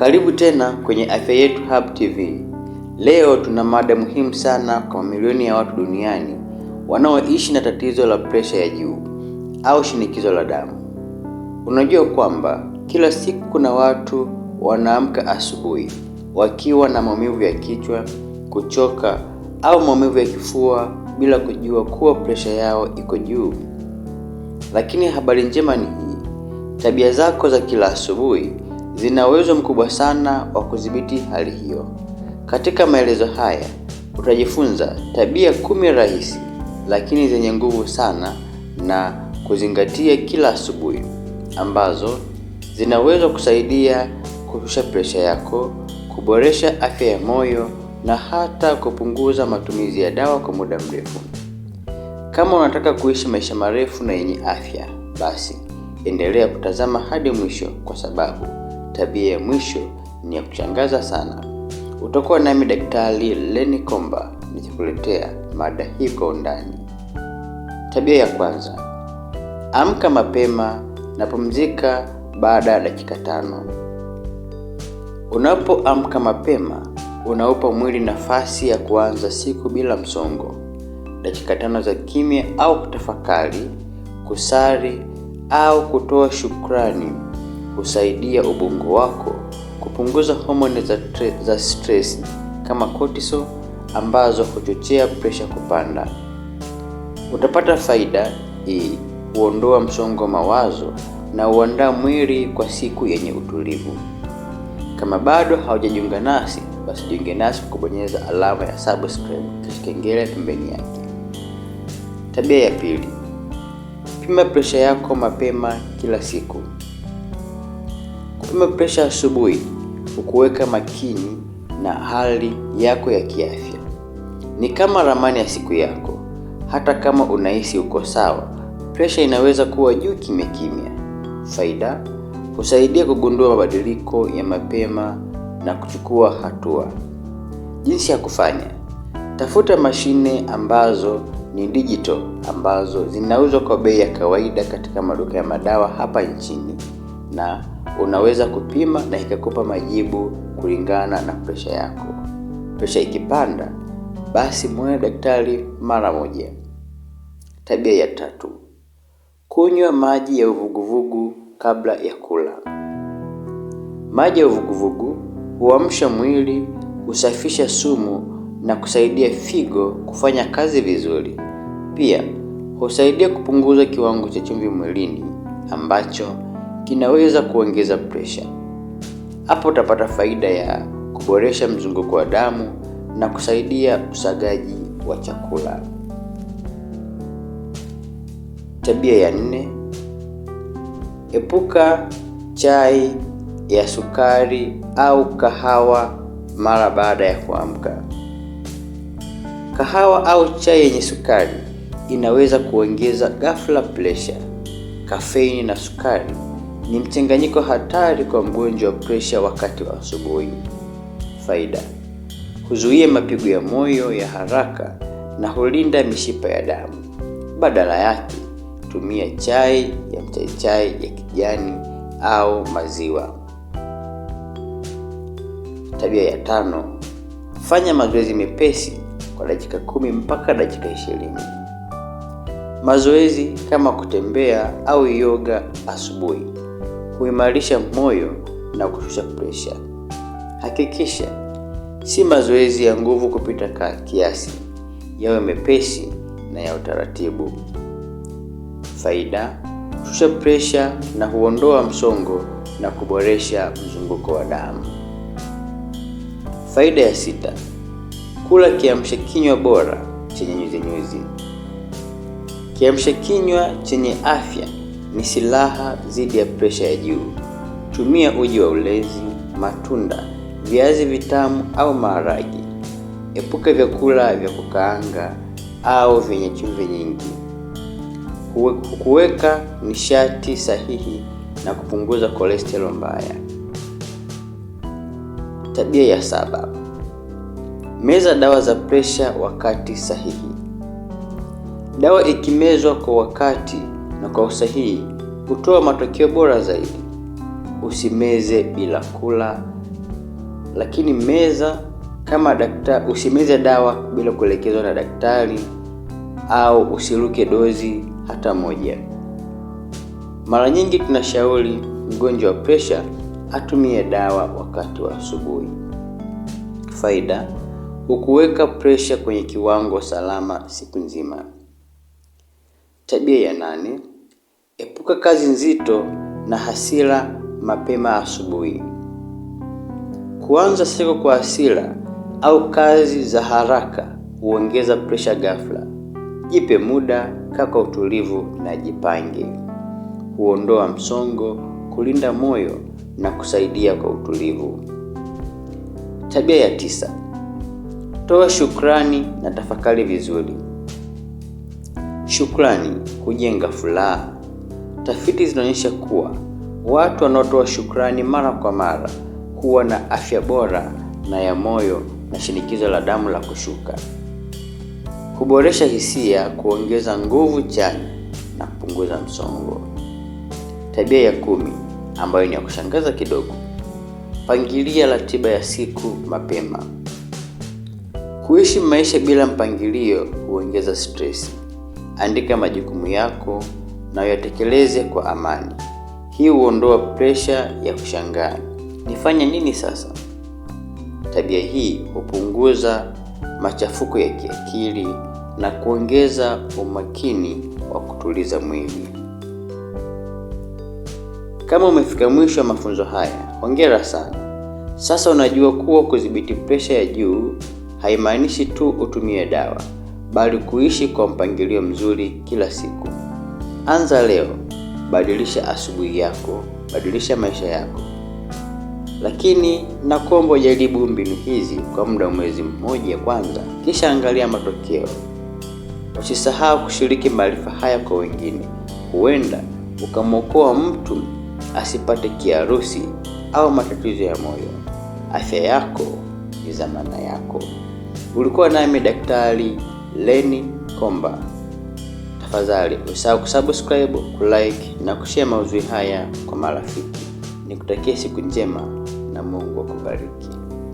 Karibu tena kwenye Afya Yetu Hub TV. Leo tuna mada muhimu sana kwa mamilioni ya watu duniani wanaoishi na tatizo la presha ya juu au shinikizo la damu. Unajua kwamba kila siku kuna watu wanaamka asubuhi wakiwa na maumivu ya kichwa, kuchoka au maumivu ya kifua bila kujua kuwa presha yao iko juu. Lakini habari njema ni hii, tabia zako za kila asubuhi zina uwezo mkubwa sana wa kudhibiti hali hiyo. Katika maelezo haya utajifunza tabia kumi rahisi lakini zenye nguvu sana na kuzingatia kila asubuhi, ambazo zinaweza kusaidia kushusha presha yako, kuboresha afya ya moyo na hata kupunguza matumizi ya dawa kwa muda mrefu. Kama unataka kuishi maisha marefu na yenye afya, basi endelea kutazama hadi mwisho kwa sababu Tabia ya mwisho ni ya kushangaza sana. Utakuwa nami Daktari Leni Komba nikikuletea mada hii kwa undani. Tabia ya kwanza, amka mapema na pumzika baada ya dakika tano. Unapoamka mapema, unaupa mwili nafasi ya kuanza siku bila msongo. Dakika tano za kimya au kutafakari, kusali au kutoa shukrani husaidia ubongo wako kupunguza homoni za, za stress kama cortisol ambazo huchochea presha kupanda. Utapata faida hii huondoa msongo mawazo na huandaa mwili kwa siku yenye utulivu. Kama bado haujajiunga nasi, basi jiunge nasi kubonyeza alama ya subscribe kisha kengele pembeni yake. Tabia ya pili, pima presha yako mapema kila siku. Kupima presha asubuhi hukuweka makini na hali yako ya kiafya. Ni kama ramani ya siku yako. Hata kama unahisi uko sawa, presha inaweza kuwa juu kimya kimya. Faida: husaidia kugundua mabadiliko ya mapema na kuchukua hatua. Jinsi ya kufanya: tafuta mashine ambazo ni digital ambazo zinauzwa kwa bei ya kawaida katika maduka ya madawa hapa nchini na unaweza kupima na ikakupa majibu kulingana na presha yako. Presha ikipanda, basi muone daktari mara moja. Tabia ya tatu, kunywa maji ya uvuguvugu kabla ya kula. Maji ya uvuguvugu huamsha mwili, husafisha sumu na kusaidia figo kufanya kazi vizuri. Pia husaidia kupunguza kiwango cha chumvi mwilini ambacho kinaweza kuongeza presha. Hapo utapata faida ya kuboresha mzunguko wa damu na kusaidia usagaji wa chakula. Tabia ya nne: epuka chai ya sukari au kahawa mara baada ya kuamka. Kahawa au chai yenye sukari inaweza kuongeza ghafla presha, kafeini na sukari ni mchanganyiko hatari kwa mgonjwa wa presha wakati wa asubuhi. Faida: huzuia mapigo ya moyo ya haraka na hulinda mishipa ya damu. Badala yake, tumia chai ya mchaichai ya kijani au maziwa. Tabia ya tano: fanya mazoezi mepesi kwa dakika kumi mpaka dakika ishirini. Mazoezi kama kutembea au yoga asubuhi huimarisha moyo na kushusha presha. Hakikisha si mazoezi ya nguvu kupita kiasi, yawe mepesi na ya utaratibu. Faida: kushusha presha na huondoa msongo na kuboresha mzunguko wa damu. Faida ya sita: kula kiamsha kinywa bora chenye nyuzi. Kiamsha kinywa chenye afya ni silaha dhidi ya presha ya juu. Tumia uji wa ulezi, matunda, viazi vitamu au maharage. Epuka vyakula vya kukaanga au vyenye chumvi nyingi. Kuweka nishati sahihi na kupunguza kolesterol mbaya. Tabia ya saba: meza dawa za presha wakati sahihi. Dawa ikimezwa kwa wakati na kwa usahihi hutoa matokeo bora zaidi. Usimeze bila kula, lakini meza kama daktari. Usimeze dawa bila kuelekezwa na daktari, au usiruke dozi hata moja. Mara nyingi tunashauri mgonjwa wa presha atumie dawa wakati wa asubuhi. Faida: hukuweka presha kwenye kiwango salama siku nzima. Tabia ya nane: Epuka kazi nzito na hasira mapema asubuhi. Kuanza siku kwa hasira au kazi za haraka huongeza presha ghafla. Jipe muda, kaa kwa utulivu na jipange. Huondoa msongo, kulinda moyo na kusaidia kwa utulivu. Tabia ya tisa: toa shukrani na tafakari vizuri. Shukrani hujenga furaha, Tafiti zinaonyesha kuwa watu wanaotoa shukrani mara kwa mara huwa na afya bora na ya moyo na shinikizo la damu la kushuka, huboresha hisia, kuongeza nguvu chanya na kupunguza msongo. Tabia ya kumi ambayo ni ya kushangaza kidogo, pangilia ratiba ya siku mapema. Kuishi maisha bila mpangilio huongeza stresi. Andika majukumu yako na uyatekeleze kwa amani. Hii huondoa presha ya kushangaa, nifanye nini sasa? Tabia hii hupunguza machafuko ya kiakili na kuongeza umakini wa kutuliza mwili. Kama umefika mwisho wa mafunzo haya, hongera sana. Sasa unajua kuwa kudhibiti presha ya juu haimaanishi tu utumie dawa, bali kuishi kwa mpangilio mzuri kila siku. Anza leo, badilisha asubuhi yako, badilisha maisha yako. Lakini nakuomba ujaribu mbinu hizi kwa muda wa mwezi mmoja kwanza, kisha angalia matokeo. Usisahau kushiriki maarifa haya kwa wengine, huenda ukamwokoa mtu asipate kiharusi au matatizo ya moyo. Afya yako ni dhamana yako. Ulikuwa nami Daktari Lenny Komba. Tafadhali usahau kusubscribe, kulike na kushare maudhui haya kwa marafiki. Nikutakia siku njema na Mungu akubariki.